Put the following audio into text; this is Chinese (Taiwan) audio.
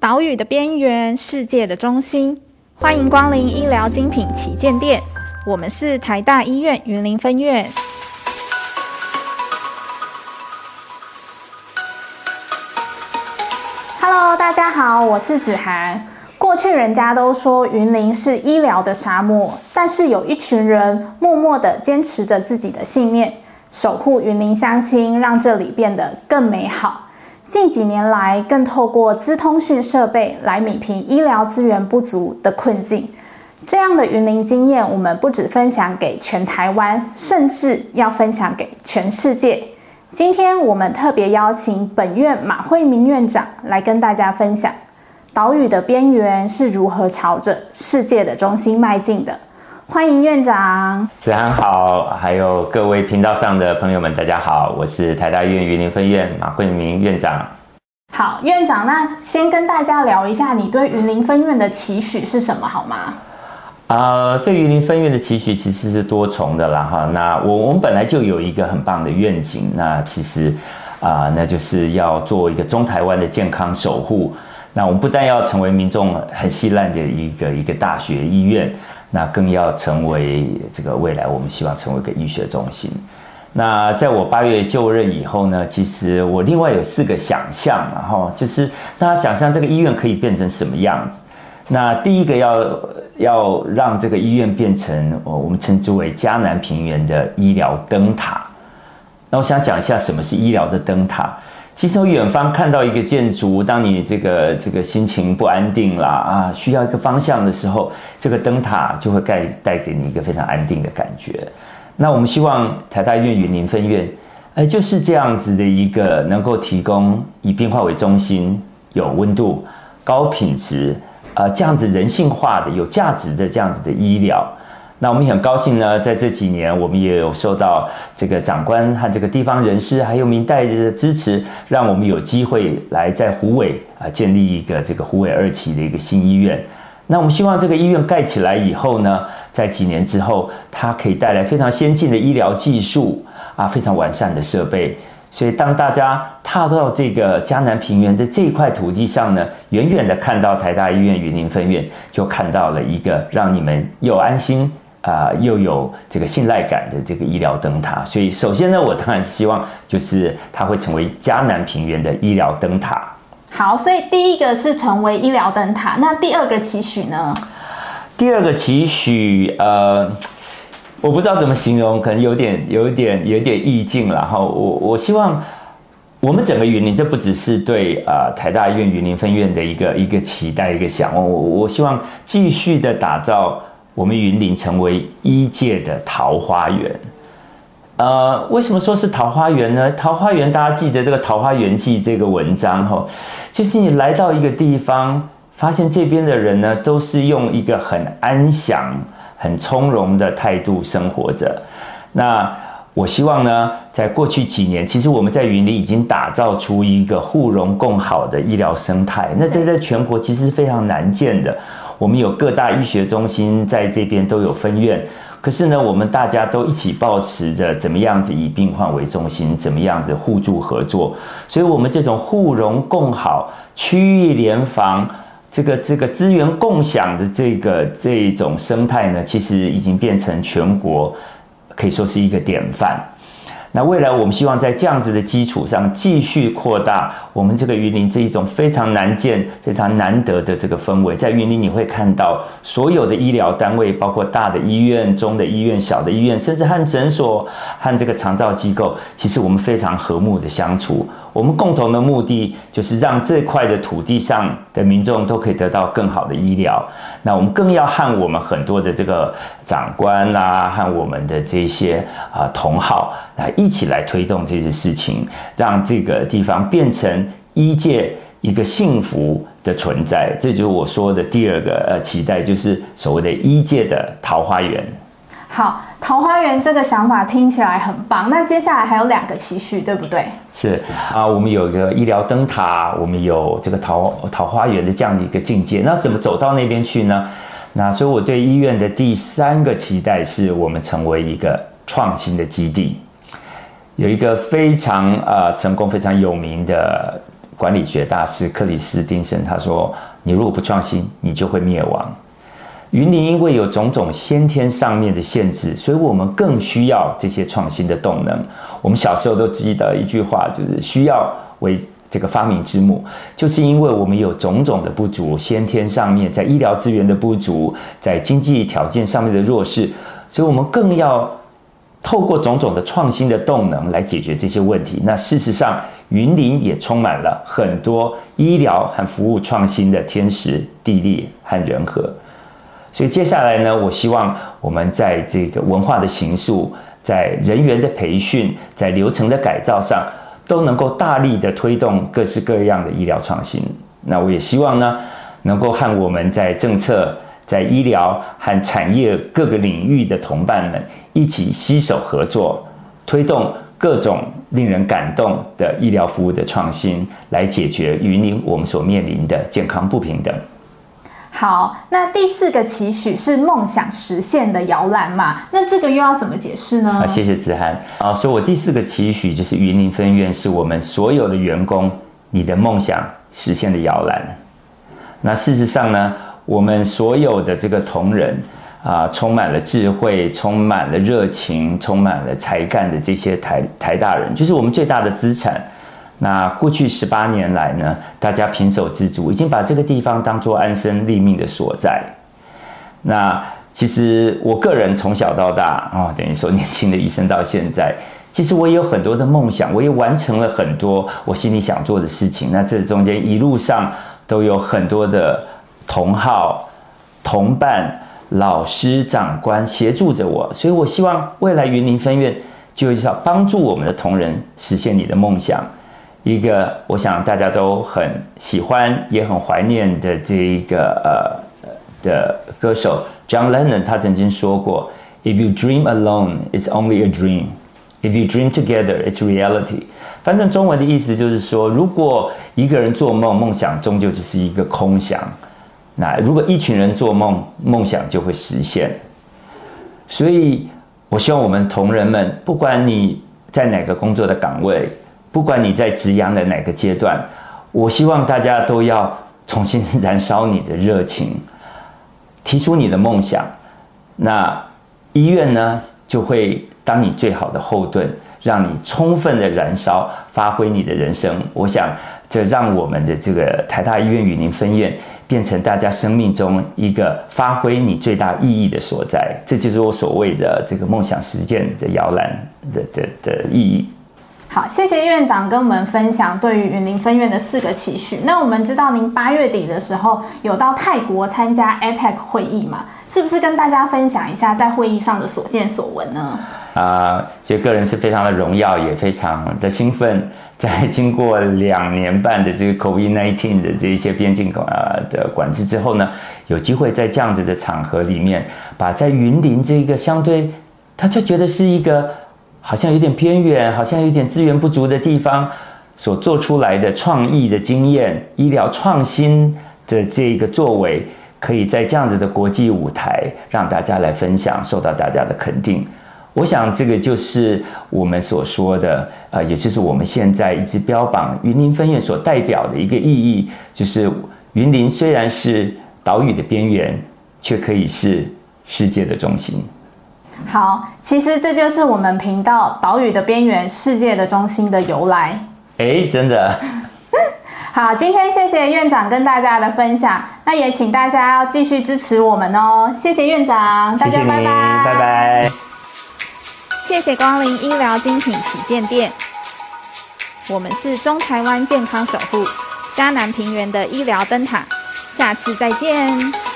島嶼的邊緣，世界的中心，歡迎光臨醫療精品旗艦店。我們是台大醫院雲林分院。Hello，大家好，我是子涵。過去人家都說雲林是醫療的沙漠，但是有一群人默默的堅持着自己的信念，守護雲林鄉親，讓這裡變得更美好。近幾年來，更透過資通訊設備來弭平醫療資源不足的困境。這樣的雲林經驗，我們不只分享給全臺灣，甚至要分享給全世界。今天我們特別邀請本院馬惠明院長來跟大家分享，島嶼的邊緣是如何朝着世界的中心邁進的。歡迎院長，子涵好，還有各位頻道上的朋友們，大家好，我是台大醫院雲林分院馬惠明院長。好，院長，那先跟大家聊一下，你對雲林分院的期許是什麼，好嗎？啊、呃，對雲林分院的期許其實是多重的啦，哈。那我我們本來就有一個很棒的願景，那其實啊、呃，那就是要做一個中台灣的健康守護。那我們不但要成為民眾很稀爛的一個一個大學醫院。那更要成為這個未來，我們希望成為一個醫學中心。那在我八月就任以後呢，其實我另外有四個想象，然後就是大家想象這個醫院可以變成什麼樣子。那第一個要要讓這個醫院變成，我們稱之為嘉南平原的醫療燈塔。那我想講一下什麼是醫療的燈塔。其實，遠方看到一個建築，當你這個這個心情不安定啦，啊，需要一個方向的時候，這個燈塔就會帶帶給你一個非常安定的感覺。那我們希望台大醫院雲林分院，哎，就是這樣子的一個能夠提供以變化為中心、有溫度、高品質啊、呃、這樣子人性化的、有價值的這樣子的醫療。那我們也很高興呢，在這幾年我們也有受到這個長官和這個地方人士，還有民代的支持，讓我們有機會來在虎尾啊建立一個這個虎尾二期的一個新醫院。那我們希望這個醫院蓋起來以後呢，在幾年之後，它可以帶來非常先進的醫療技術啊，非常完善的設備。所以當大家踏到這個嘉南平原的這塊土地上呢，遠遠的看到台大醫院雲林分院，就看到了一個讓你們又安心。啊、呃，又有這個信賴感的這個醫療燈塔，所以首先呢，我當然希望就是它會成為嘉南平原的醫療燈塔。好，所以第一個是成為醫療燈塔，那第二個期許呢？第二個期許，呃，我不知道怎麼形容，可能有點、有點、有點、有點意境。然後我我希望我們整個雲林，這不只是對啊、呃、台大醫院雲林分院的一個一個期待、一個想望，我我希望繼續的打造。我們雲林成為醫界的桃花源，呃，為什麼說是桃花源呢？桃花源大家記得這個《桃花源記》這個文章哈，就是你來到一個地方，發現這邊的人呢，都是用一個很安詳、很從容的態度生活着。那我希望呢，在過去幾年，其實我們在雲林已經打造出一個互融共好的醫療生態，那這在全國其實是非常難見的。我們有各大醫學中心在這邊都有分院，可是呢，我們大家都一起抱持著怎麼樣子以病患為中心，怎麼樣子互助合作，所以，我們這種互融共好、區域聯防、這個這個資源共享的這個這種生態呢，其實已經變成全國可以說是一個典範。那未來我們希望在這樣子的基礎上繼續擴大我們這個雲林這一種非常難見、非常難得的這個氛圍。在雲林你會看到所有的醫療單位，包括大的醫院、中的醫院、小的醫院，甚至和診所、和這個長照機構，其實我們非常和睦的相處。我們共同的目的就是讓這塊的土地上的民眾都可以得到更好的醫療。那我們更要和我們很多的這個長官啦、啊，和我們的這些啊、呃、同好來一起來推動這些事情，讓這個地方變成醫界一個幸福的存在。這就是我說的第二個呃期待，就是所謂的醫界的桃花源。好，桃花源這個想法聽起來很棒。那接下來還有兩個期許，對不對？是啊，我們有一個醫療燈塔，我們有這個桃桃花源的這樣的一個境界。那怎麼走到那邊去呢？那所以，我對醫院的第三個期待是我們成為一個創新的基地。有一個非常啊、呃、成功、非常有名的管理學大師克里斯汀森，他說：“你如果不創新，你就會滅亡。”雲林因為有種種先天上面的限制，所以我們更需要這些創新的動能。我們小時候都記得一句話，就是“需要為這個發明之母”，就是因為我們有種種的不足，先天上面在醫療資源的不足，在經濟條件上面的弱勢，所以我們更要透過種種的創新的動能來解決這些問題。那事實上，雲林也充滿了很多醫療和服務創新的天時、地利和人和。所以接下來呢，我希望我們在這個文化的形塑、在人員的培訓、在流程的改造上，都能夠大力的推動各式各樣的醫療創新。那我也希望呢，能夠和我們在政策、在醫療和產業各個領域的同伴們一起携手合作，推動各種令人感動的醫療服務的創新，來解決與您我們所面臨的健康不平等。好，那第四個期許是夢想實現的搖籃嘛。那這個又要怎麼解釋呢？啊，謝謝子涵啊，所以我第四個期許就是雲林分院是我們所有的員工你的夢想實現的搖籃。那事實上呢，我們所有的這個同仁啊，充滿了智慧，充滿了熱情，充滿了才幹的這些台台大人，就是我們最大的資產。那過去十八年來呢，大家胼手胝足，已經把這個地方當作安身立命的所在。那其實我個人從小到大啊、哦，等於說年輕的醫生到現在，其實我也有很多的夢想，我也完成了很多我心裡想做的事情。那這中間一路上都有很多的同好、同伴、老師、長官協助着我，所以我希望未來雲林分院就是要幫助我們的同仁實現你的夢想。一個我想大家都很喜歡也很懷念的這一個呃、uh, 的歌手 John Lennon，他曾經說過：“If you dream alone, it's only a dream. If you dream together, it's reality。”反正中文的意思就是說，如果一個人做夢，夢想終究只是一個空想；那如果一群人做夢，夢想就會實現。所以，我希望我們同仁們，不管你在哪個工作的崗位。不管你在職涯的哪個階段，我希望大家都要重新燃燒你的熱情，提出你的夢想。那醫院呢，就會當你最好的後盾，讓你充分的燃燒，發揮你的人生。我想，這讓我們的這個台大醫院雲林分院，變成大家生命中一個發揮你最大意義的所在。這就是我所謂的這個夢想實踐的搖籃的的的,的意義。好，謝謝院長跟我們分享對於雲林分院的四個期許。那我們知道您八月底的時候有到泰國參加 APEC 會議嘛？是不是跟大家分享一下在會議上的所見所聞呢？啊、呃，其實個人是非常的榮耀，也非常的興奮。在經過兩年半的這個 COVID-19 的這一些邊境呃的管制之後呢，有機會在這樣子的場合裡面，把在雲林這個相對他就覺得是一個。好像有點偏遠，好像有點資源不足的地方，所做出來的創意的經驗、醫療創新的這個作為，可以在這樣子的國際舞台讓大家來分享，受到大家的肯定。我想這個就是我們所說的，呃，也就是我們現在一直標榜雲林分院所代表的一個意義，就是雲林雖然是島嶼的邊緣，卻可以是世界的中心。好，其實這就是我們頻道《島嶼的邊緣，世界的中心》的由來。哎，真的。 好，今天謝謝院長跟大家的分享，那也請大家要繼續支持我們哦。謝謝院長，大家拜拜，謝謝你，拜拜。謝謝光臨醫療精品旗艦店，我們是中台灣健康守護，嘉南平原的醫療燈塔，下次再見。